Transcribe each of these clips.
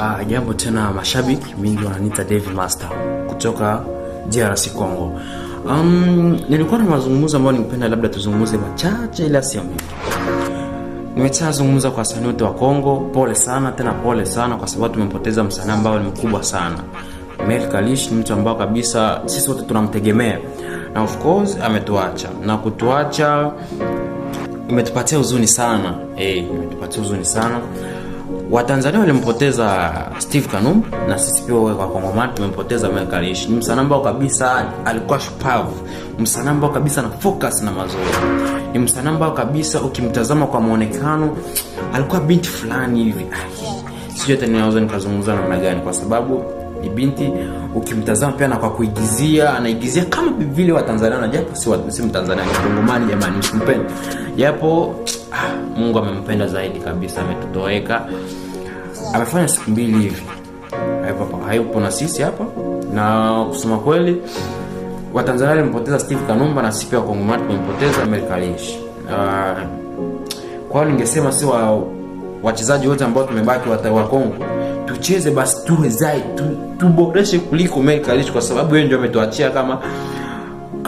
Ah, jambo tena mashabiki, mingi wananita Dave Master kutoka DRC Congo. Um, nilikuwa na mazungumzo ambayo ningependa labda tuzungumze machache ila sio mengi. Nimeshazungumza kwa wasanii wote wa Kongo, pole sana tena pole sana kwa sababu tumempoteza msanii ambao ni mkubwa sana. Mel Kalish ni mtu ambao kabisa sisi wote tunamtegemea na of course ametuacha na kutuacha imetupatia huzuni sana eh, imetupatia huzuni sana Watanzania walimpoteza Steve kanum na sisi pia wewe kwa Kongomani tumempoteza Michael Rish. Ni msanii kabisa alikuwa shupavu, msanii kabisa na focus na mazoezi. Ni msanii kabisa ukimtazama kwa muonekano alikuwa binti fulani hivi. Sio hata ninaweza nikazungumza namna gani kwa sababu ni binti ukimtazama pia na kwa kuigizia anaigizia kama vile Watanzania na japo si, wa, si Mtanzania ni Kongomani jamani msimpende. Japo ah, Mungu amempenda zaidi kabisa, ametutoweka, amefanya siku mbili hivi hayupo na sisi hapa, na kusema kweli Watanzania walimpoteza Steve Kanumba na sisi pia Wakongomani tumempoteza Amerika Uh, ah, kwao ningesema si wa wachezaji wote ambao tumebaki wa Kongo tucheze basi, tuwe tuboreshe kuliko Amerika kwa sababu yeye ndio ametuachia kama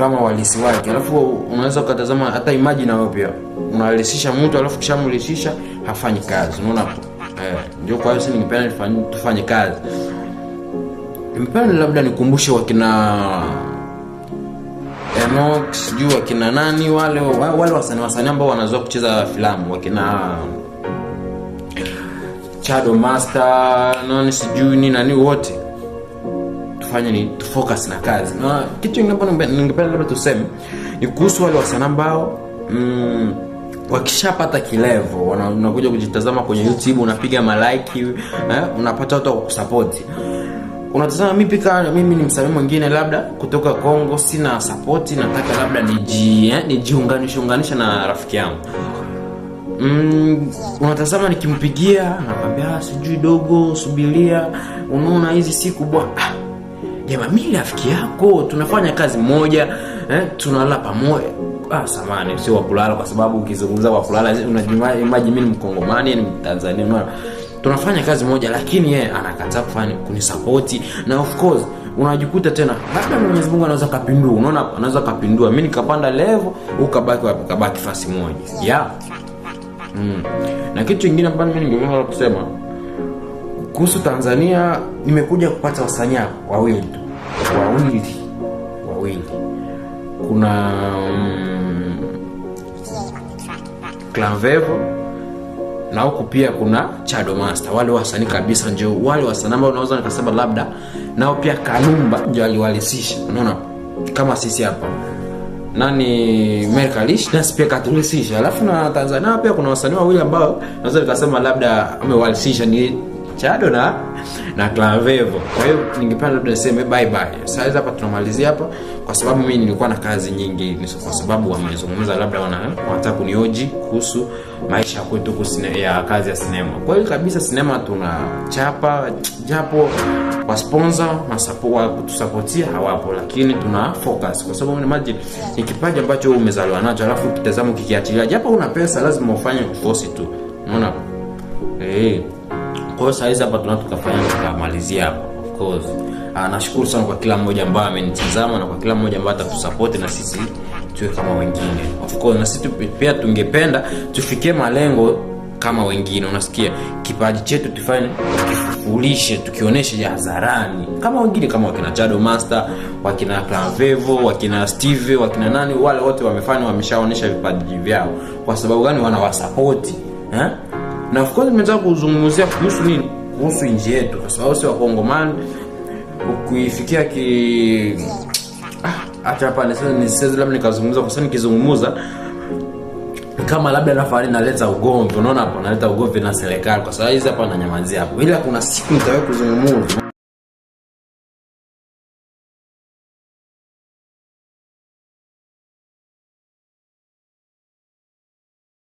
kama walisi wake. Alafu unaweza ukatazama hata imaji na wewe pia unalisisha mtu alafu kishamlisisha hafanyi kazi, unaona hapo eh? Ndio kwa hiyo ningependa tufanye kazi. Ningependa labda nikumbushe wakina Enoch, sijui wakina nani wale wale wasanii wasanii ambao wanazoea kucheza filamu wakina Chado Master nani sijui ni nani wote kufanya ni tufocus na kazi ah. na kitu ningependa labda tuseme ni kuhusu wale wasana ambao mm, wakishapata kilevo unakuja kujitazama kwenye youtube unapiga malaiki eh, unapata watu wakukusapoti unatazama mimi pika mimi ni msanii mwingine labda kutoka Kongo, sina sapoti, nataka labda nijiunganishunganisha eh, niji na rafiki yangu mm, unatazama nikimpigia, nakwambia ah, sijui dogo, subilia unaona hizi siku bwana ah, jamani, mimi rafiki yako tunafanya kazi moja eh, tunalala pamoja. Ah, samani sio wakulala kwa sababu ukizungumza wakulala kulala unajimaji mimi ni Mkongomani ni Mtanzania mwana tunafanya kazi moja, lakini yeye anakataa kufanya kunisapoti, na of course unajikuta tena, labda Mwenyezi Mungu anaweza kapindua. Unaona, anaweza kapindua, mimi nikapanda level, ukabaki wapi? Kabaki fasi moja yeah. Mm. Na kitu kingine ambacho mimi ningeomba kusema kuhusu Tanzania, nimekuja kupata wasanii wawili wawili wawili kuna mm, na huku pia kuna master wale wasanii kabisa njo wale wasanii ambao unaweza nikasema labda nao pia kanumba ndio aliwalisisha unaona kama sisi hapa nani merkalish na pia katulisisha alafu na tanzania pia kuna wasanii wawili ambao naweza nikasema labda amewalisisha ni chado na na Clavevo. Kwa hiyo ningependa labda niseme bye bye. Sasa hapa tunamalizia hapa kwa sababu mimi nilikuwa na kazi nyingi, ni kwa sababu wamezungumza labda wana wanataka kunioji kuhusu maisha ya kwetu ya kazi ya sinema. Kwa hiyo kabisa sinema tunachapa japo kwa sponsor masapoa kutusapotia hawapo, lakini tuna focus kwa sababu maji ni kipaji ambacho umezaliwa nacho, alafu kitazamo kikiachilia, japo una pesa lazima ufanye kufosi tu, unaona eh kwa hiyo saizi hapa tuna tukafanya tukamalizia hapa of course. Ah, nashukuru sana kwa kila mmoja ambaye amenitazama na kwa kila mmoja ambaye atatusupport na sisi tuwe kama wengine. Of course na sisi pia tungependa tufikie malengo kama wengine, unasikia kipaji chetu tufanye tukifufulishe, tukionyeshe hadharani kama wengine, kama wakina Chado Master, wakina Clavevo, wakina Steve, wakina nani, wale wote wamefanya, wameshaonyesha vipaji vyao. Kwa sababu gani? Wanawasapoti eh? na of course nimetaka kuzungumzia kuhusu nini, kuhusu nji yetu, kwa sababu si wakongomani kuifikia ki ah, hata ah, hapa nisiwezi labda nikazungumza, kwa sababu nikizungumza kama labda nafari naleta ugomvi, unaona hapo, naleta ugomvi na serikali, kwa sababu hizi hapa nanyamazia hapo, ila kuna siku nitawe kuzungumza